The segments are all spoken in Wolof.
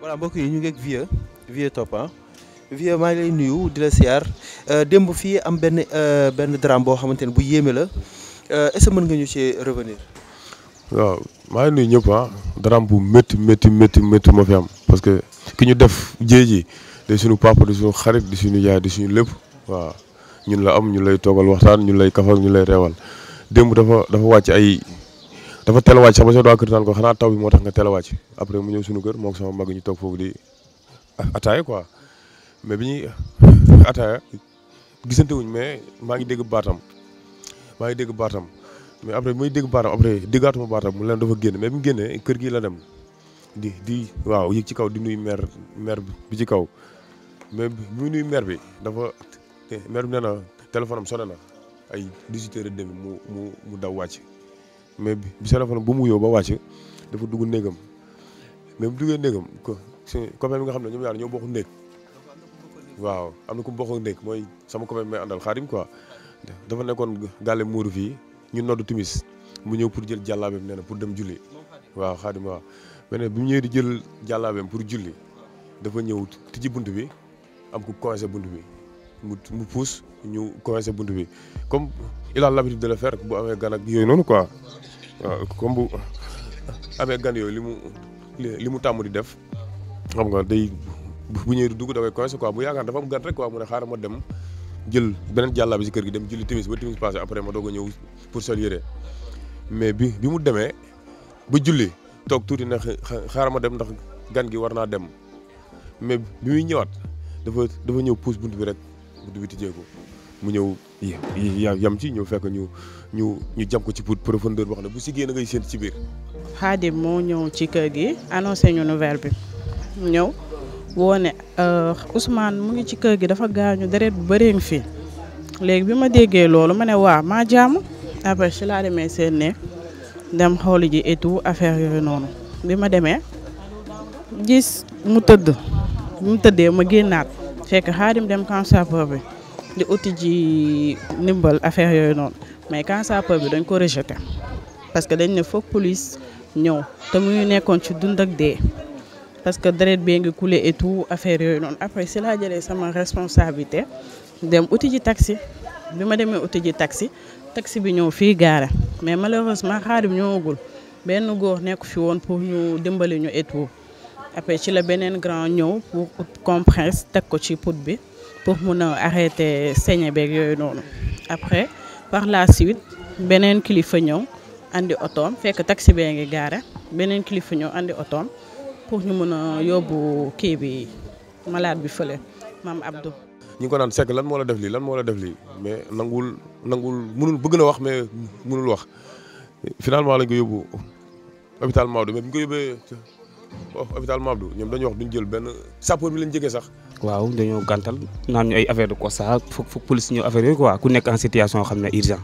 voilà mbokk yi ñu ngi ak Vieux Vieux Top ah Vieux maa ngi lay nuyu di la siyaar euh, démb fii am benn euh, benn drame boo xamante ne bu yéemee la euh, est-ce nga ñu ci revenir. maa ngi nuyu ñëpp ah drame bu métti métti métti métti moo fi am parce que ki ñu def jéeji di suñu papa di suñu xarit di suñu yaay di suñu lépp waaw ñun la am ñu lay toogal waxtaan ñu lay kafal ñu lay reewal demb dafa dafa wàcc ay. dafa teel a wàcc sama seen kër naan ko xanaa taw bi moo tax nga teel a wàcc après mu ñëw suñu kër moo sama mag ñu toog foofu di ataaya quoi mais bi ñu ataaya gisante wuñ mais maa ngi dégg baatam maa ngi dégg baatam mais après muy dégg baatam après déggaatuma baatam mu leen dafa génn mais bi mu génnee kër gi la dem di di waaw yëg ci kaw di nuyu maire maire bi ci kaw mais bi mu nuyu maire bi dafa maire bi nee na téléphone am na ay 18 heures et demi mu mu mu daw wàcc. mais bi Serafal bu mu yow ba wàcc dafa dugg néegam mais bu duggee néegam ko suñu copain bi nga xam ne ñoom ñaar ñoo boo bokk néeg waaw am na ku ko néeg mooy sama copain bi may àndal xaarim quoi dafa nekkoon gàlle muuru fii ñu noddu timis mu ñëw pour jël jàllaabeem nee na pour dem julli waaw xaadim waaw mais nag bi mu ñëwee di jël jàllaabeem pour julli dafa ñëw tijji bunt bi am ku coincé bunt bi mu mu pousse ñu commencé bunt bi comme il a l'habitude de le fer boo amee gan ak yooyu noonu quoi comme bu amee gan yooyu li mu li mu tàmm di def xam nga day bu ñëwee dugg da koy commencé quoi bu yaakaar dafa am gan rek quoi mu ne xaaral ma dem jël beneen jàllaa bi si kër gi dem julli timis ba timis passé après ma doog a ñëw pour sol yére mais bi bi mu demee ba julli toog tuuti na xaaral ma dem ndax gan gi war naa dem mais bi muy ñëwaat dafa dafa ñëw pousse bunt bi rek. mu dugg tijjee ko mu ñëw yam ci ñëw fekk ñu ñu ñu jam ko ci pour profondeur boo xam ne bu si génn ngay sént ci biir. Xaadim moo ñëw ci kër gi annoncé ñu nouvelle bi ñëw woo ne euh, mu ngi ci kër gi dafa gaañu deret bu bëree ngi fi léegi bi ma déggee loolu ma ne waa maa jaamu après si laa demee seen ne dem xooli ji et affaire yooyu noonu bi ma demee gis mu tëdd mu tëddee ma génnaat. fekk xaadim dem camp sapeur bi di uti ji ndimbal affaire yooyu noonu mais camp sapeur bi dañ ko rejeté parce que dañ ne foog police ñëw te muy nekkoon ci dund ak dee parce que deret bee ngi coulé et tout affaire yooyu noonu après si laa jëlee sama responsabilité dem uti ji taxi bi ma demee uti ji taxi taxi bi ñëw fii gaare mais malheureusement xaadim ñëwagul benn góor nekku fi woon pour ñu dimbali ñu et après ci la beneen grand ñëw pour compresse teg ko ci poudre bi pour mun a arrêter saignée beeg yooyu noonu après par la suite beneen kilifa ñëw andi otoom fekk taxi bee ngi gaara beneen kilifa ñëw andi otoom pour ñu mun a yóbbu kii bi malade bi fële maam Abdou. ñu ngi ko naan Seck lan moo la def lii lan moola la def lii mais nanguwul nanguwul mënul bëgg na wax mais mënul wax finalement lañ ko yóbbu hôpital Maodo mais bu ñu ko yóbbee. o hôpital Mabdou ñoom dañu wax duñ jël benn sapeur bi lañ jege sax. waaw dañoo gàntal naan ñu ay affaire de constat foog foog police ñëw affaire yooyu quoi ku nekk en situation xam ne urgent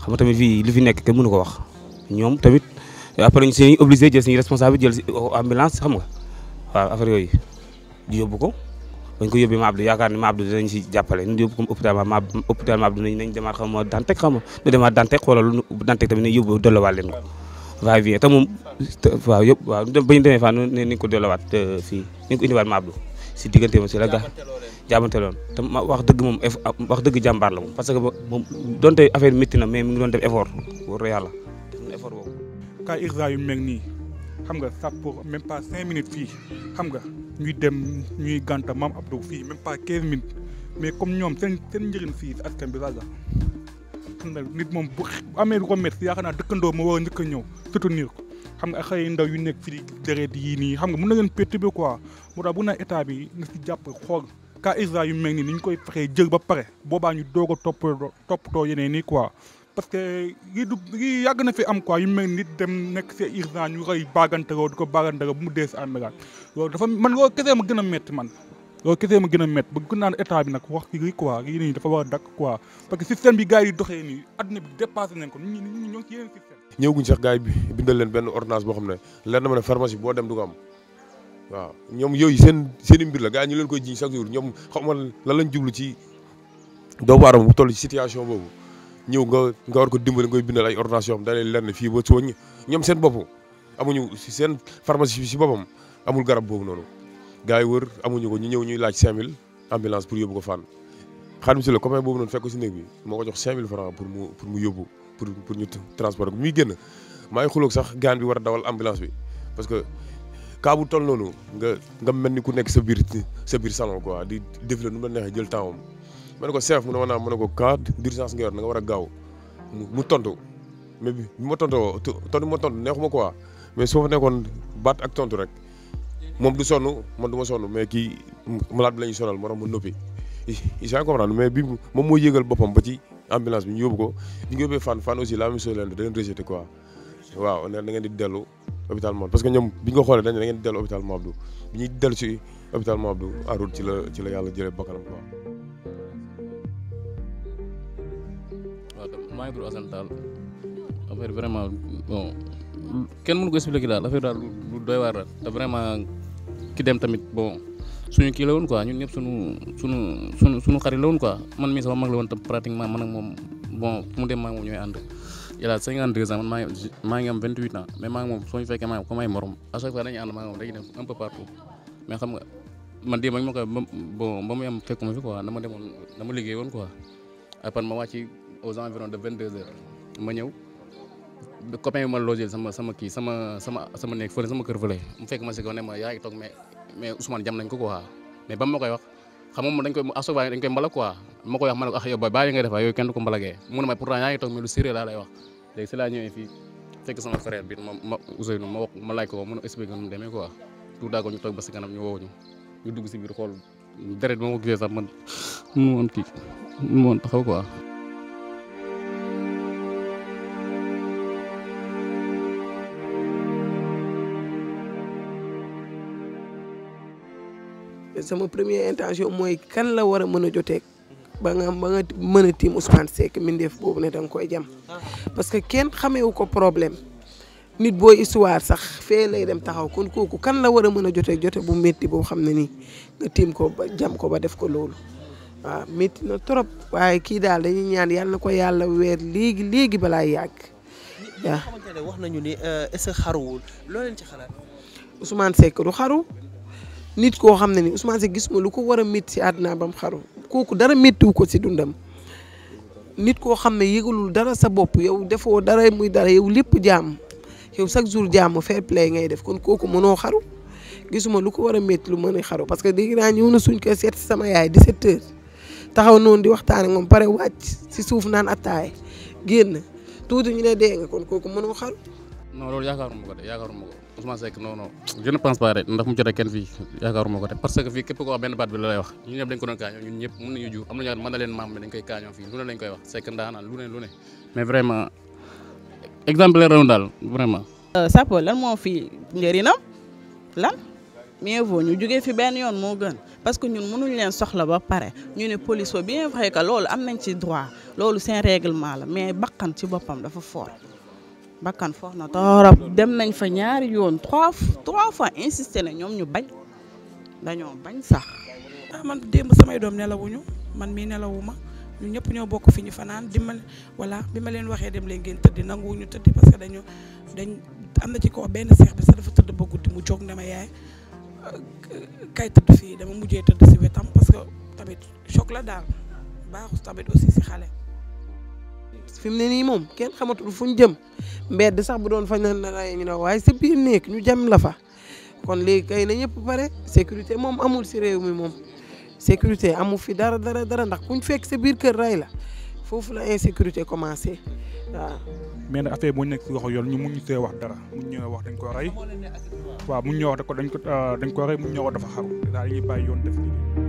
xam nga tamit fii li fi nekk mënu ko wax ñoom tamit après ñu seen obligé jël seen responsable jël ambulance xam nga waaw affaire yooyu di yóbbu ko bañ ko yóbbee Mabdou yaakaar ne Mabdou dinañ si jàppale ñu yóbbu ko hôpital Mabdou ma Dantec xam nga ñu demaat Dantec xoolal Dantec leen ko waa vie te moom waaw yëpp waaw ba demee fan ni ko delluwaat euh, fii ni ko indiwaat Mabdou si diggante moom si la ga jaamante loon wax dëgg moom ah, wax dëgg jàmbaar la moom parce que moom donte affaire métti na mais mi ngi doon def effort war na effort boobu ka ISRA yu mel nii xam nga sax pour même pas cinq minutes fii xam nga ñuy dem ñuy gànta maam Abdou fii même pas quinze minutes mais comme ñoom seen seen njëriñ fii askan bi la nit moom bu amee lu ko métti yaakaar naa dëkkandoo ma war a njëkk a ñëw soutenir ko xam nga xëy ndaw yu nekk fii deret yii nii xam nga mun na leen perturber quoi moo tax bu na état bi nga si jàpp xool cas ISRA yu mel nii ni ñu koy fexee jël ba pare boobaa ñu doog a toppatoo toppatoo nii quoi. parce que lii du lii yàgg na fi am quoi yu mel nit dem nekk si ISRA ñu koy baaganteroo di ko baaganteroo bu mu dee si ànd loolu dafa man loolu kese ma gën a métti man. loolu kese ma gën a métti ba gën naan état bi nag dafa a dakk quoi parce que système bi gars yi doxee nii adduna bi dépassé nañ ko nit leen benn ordonnance boo xam ne leer na ma ne pharmacie boo dem ko waaw ñoom yooyu seen seen mbir la gars yi leen koy jiñ chaque jour ñoom xam nga lan lañ jublu ci doomu aadama bu toll ci situation boobu ñëw nga nga ko dimbali koy bindal ay ordonnance yoo xam da lay leer ne fii ba suba ñoom seen bopp amuñu seen pharmacie bi si boppam amul garab boobu noonu. gars yi wër amuñu ko ñu ñëw ñuy laaj 5000 ambulance pour yóbbu ko fànn Khadim Sylla copain boobu noonu fekk ko si néeg bi moo ko jox 5000 francs pour mu pour mu yóbbu pour pour ñu transport bi xuloog sax gaan bi war a dawal ambulance bi parce que cas bu toll noonu nga nga mel ni ku nekk sa biir sa biir salon quoi di défilé nu mu la neexee jël temps am ma ne ko chef mu ne ma naa ma ne ko cas d'urgence nga yor war a gaaw mu tontu mais bi ma tontoo tontu ma tontu neexuma mais soo fa nekkoon baat ak tontu rek. moom du sonn man du ma sonn mais kii malade bi la ñuy sonal moo tax mu noppi yaa ngi comprendre mais bi moom moo yëgal boppam ba ci ambulance bi ñu yóbbu ko bi ñu yóbbee fan fan aussi la même chose leen da leen rejeté quoi waaw ne di dellu hôpital parce que ñoom bi ko xoolee dañ ne da ngeen di dellu hôpital Mabdou bi ñuy dellu ci hôpital Mabdou en route ci la ci la yàlla jëlee bakkanam quoi. waaw tam maa vraiment bon kenn mënu ko daal affaire daal daal ki dem tamit bon suñu kii la woon quoi ñun ñëpp suñu suñu suñu suñu xarit la woon quoi man mii sama mag la woon tam pratiquement man ak maa ngi moom ñooy ànd il a 52 ans man maa ngi maa maa ngi moom soo ñu fekkee maa ngi ko may morom à chaque fois dañuy ànd maa ngi moom dañuy dem un peu partout mais xam nga man démb ak ma koy ba muy am fekkuma fi quoi dama demoon dama liggéey woon quoi après ma wàcc aux environs de 22 heures ma ñëw. copain bi ma logé sama sama kii sama sama sama nekk fële sama kër fële mu fekk ma si ko ne ma yaa ngi mais mais Ousmane jam nañ ko quoi mais ba ma koy wax xam nga moom dañ koy assouvage dañ koy mbala quoi ma koy ah, yooyu ah, kenn du ko mbalagee mu léegi si laa ñëwee fekk sama frère bi ma ma Ousseynou ma wax ma ko mën a nu mu demee quoi tout d'accord ñu toog ba si kanam ñu woo ñu ñu dugg si biir xool deret bi ma ko sax man mënu woon kii mënu woon sama première intention mooy kan la war a mën a joteeg ba nga ba mën a tiim Ousmane Seck mindeef boobu ne da nga koy jam parce que kenn xamewu ko problème nit boo histoire sax fee lay dem taxaw kon kooku kan la war a mën a joteeg jote bu métti boo xam ne nii nga tiim ko ba jam ko ba def ko loolu waaw métti na trop waaye kii daal dañuy ñaan yàlla na ko yàlla weer léegi léegi balaa yàgg waaw. wax nañu ni euh, est-ce que xaruwul ci xalaat. Ousmane nit koo xam ne ni Ousmane si gis ma lu ko war a métti si àddina ba mu xaru kooku dara méttiwu ko si dundam nit koo xam ne yëgalul dara sa bopp yow defoo dara muy dara yow lépp jàmm yow chaque jour jaam fair play ngay def kon kooku mënoo xaru gisuma lu ko war a métti lu mën a xaru parce que dégg naa ñëw na suñ ko seet sama yaay 17 heures taxaw noonu di waxtaan ak moom pare wàcc si suuf naan attaay génn tuuti ñu ne dee nga kon kooku mënoo xaru. non loolu yaakaaruma ko de ko. Ousmane Seck non non je ne pense pas rek ndax a la lay wax vraiment exemple daal euh, Sapo lan moo fi njëriñam lan mieux vaut ñu jugee fi benn yoon moo gën parce que ñun mënuñ leen soxla ba pare ñu ne police bi bien vrai que loolu am nañ ci droit loolu seen règlement la mais bakkan ci boppam dafa fort. bakkan foox na torop dem nañ fa ñaari yoon trois trois fois insisté na ñoom ñu bañ dañoo bañ sax. ah man démb samay doom nelawuñu man mii nelawuma ñu ñëpp ñoo bokk fi ñu fanaan di ma bi ma leen waxee dem leen ngeen tëdd nanguwuñu tëdd parce que dañu dañ am na ci ko benn seex bi sax dafa tëdd ba guddi mu jóg dama yaay euh, kay tëdd fii dama mujjee tëdd si wetam parce que tamit choc la daal baaxul tamit aussi si xale. parce mu ne nii moom kenn xamatul fu ñu jëm mbedd sax bu doon fañ la na ñu ne waaye sa biir néeg ñu jam la fa kon léegi kay na ñëpp pare sécurité moom amul si réew mi moom sécurité amul fi dara dara dara ndax kuñ fekk sa biir kër rey la foofu la insécurité commencé waaw. mais nag affaire boo nekk si waxu yoon ñu mun ñu see wax dara mun ñu wax dañ ko rey waaw mun ñu wax ko dañ ko ah, dañ ko rey mun ñu wax dafa xaru daal ñuy bàyyi yoon def